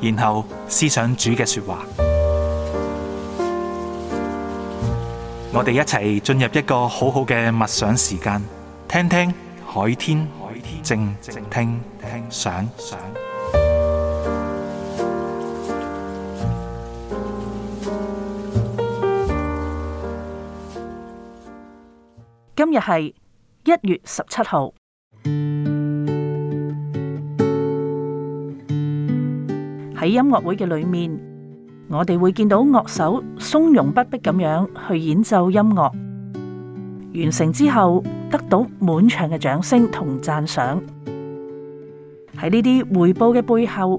然後思想主嘅說話，我哋一齊進入一個好好嘅默想時間，聽聽海天靜聽想。今日係一月十七號。喺音樂會嘅裏面，我哋會見到樂手從容不迫咁樣去演奏音樂，完成之後得到滿場嘅掌聲同讚賞。喺呢啲回報嘅背後，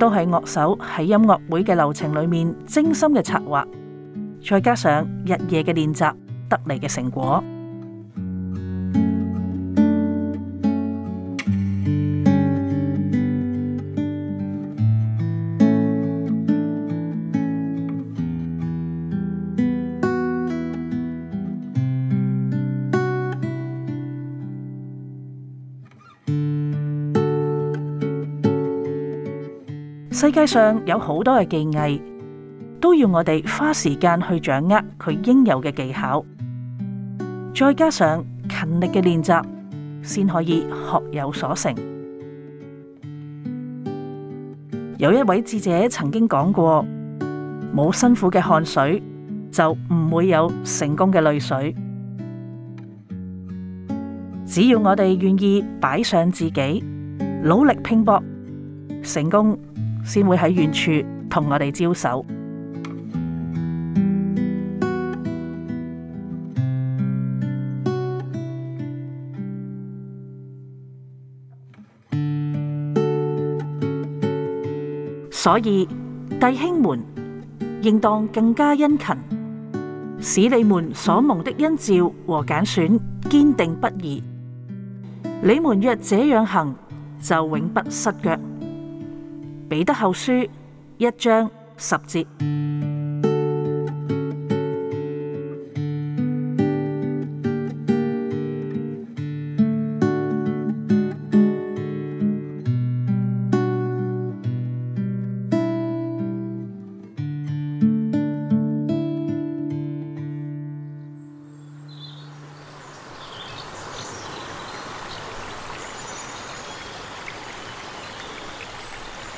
都係樂手喺音樂會嘅流程裏面精心嘅策劃，再加上日夜嘅練習得嚟嘅成果。世界上有好多嘅技藝，都要我哋花時間去掌握佢應有嘅技巧，再加上勤力嘅練習，先可以學有所成。有一位智者曾經講過：「冇辛苦嘅汗水，就唔會有成功嘅淚水」。只要我哋願意擺上自己，努力拼搏，成功，先會喺遠處同我哋招手，所以弟兄們，應當更加殷勤，使你們所蒙的恩召和揀選堅定不移。你們若這樣行，就永不失腳。彼得後書一章十節。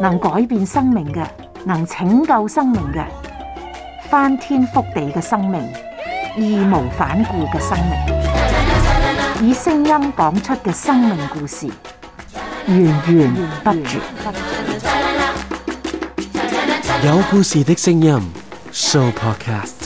能改變生命嘅，能拯救生命嘅，翻天覆地嘅生命，義無反顧嘅生命，以聲音講出嘅生命故事，源源不絕。有故事的聲音，Show Podcast。